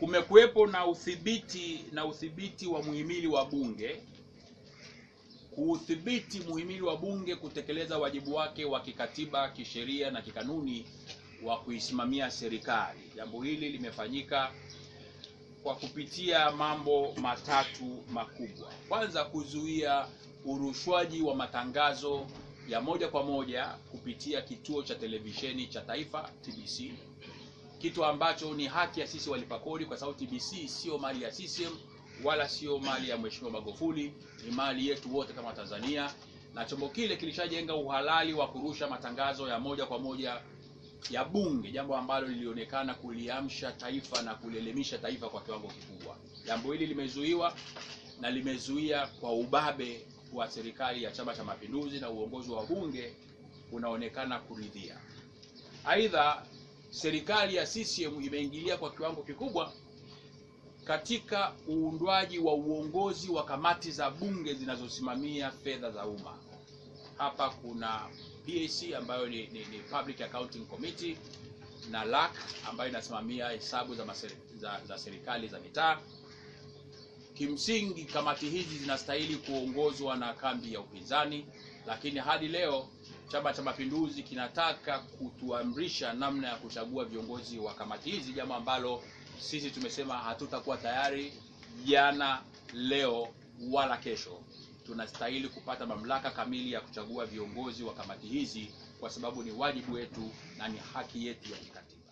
kumekuwepo na udhibiti na udhibiti wa muhimili wa bunge kuudhibiti muhimili wa bunge kutekeleza wajibu wake wa kikatiba, kisheria na kikanuni wa kuisimamia serikali. Jambo hili limefanyika kwa kupitia mambo matatu makubwa. Kwanza, kuzuia urushwaji wa matangazo ya moja kwa moja kupitia kituo cha televisheni cha taifa TBC kitu ambacho ni haki ya sisi walipa kodi, kwa sababu TBC sio mali ya CCM wala sio mali ya Mheshimiwa Magufuli, ni mali yetu wote kama Tanzania, na chombo kile kilishajenga uhalali wa kurusha matangazo ya moja kwa moja ya Bunge, jambo ambalo lilionekana kuliamsha taifa na kulielemisha taifa kwa kiwango kikubwa. Jambo hili limezuiwa na limezuia kwa ubabe wa serikali ya Chama cha Mapinduzi na uongozi wa Bunge unaonekana kuridhia. Aidha, serikali ya CCM imeingilia kwa kiwango kikubwa katika uundwaji wa uongozi wa kamati za bunge zinazosimamia fedha za umma. Hapa kuna PAC ambayo ni, ni, ni Public Accounting Committee na LAC ambayo inasimamia hesabu za, za, za serikali za mitaa. Kimsingi kamati hizi zinastahili kuongozwa na kambi ya upinzani, lakini hadi leo Chama cha Mapinduzi kinataka kutuamrisha namna ya kuchagua viongozi wa kamati hizi, jambo ambalo sisi tumesema hatutakuwa tayari jana, leo wala kesho. Tunastahili kupata mamlaka kamili ya kuchagua viongozi wa kamati hizi, kwa sababu ni wajibu wetu na ni haki yetu ya kikatiba.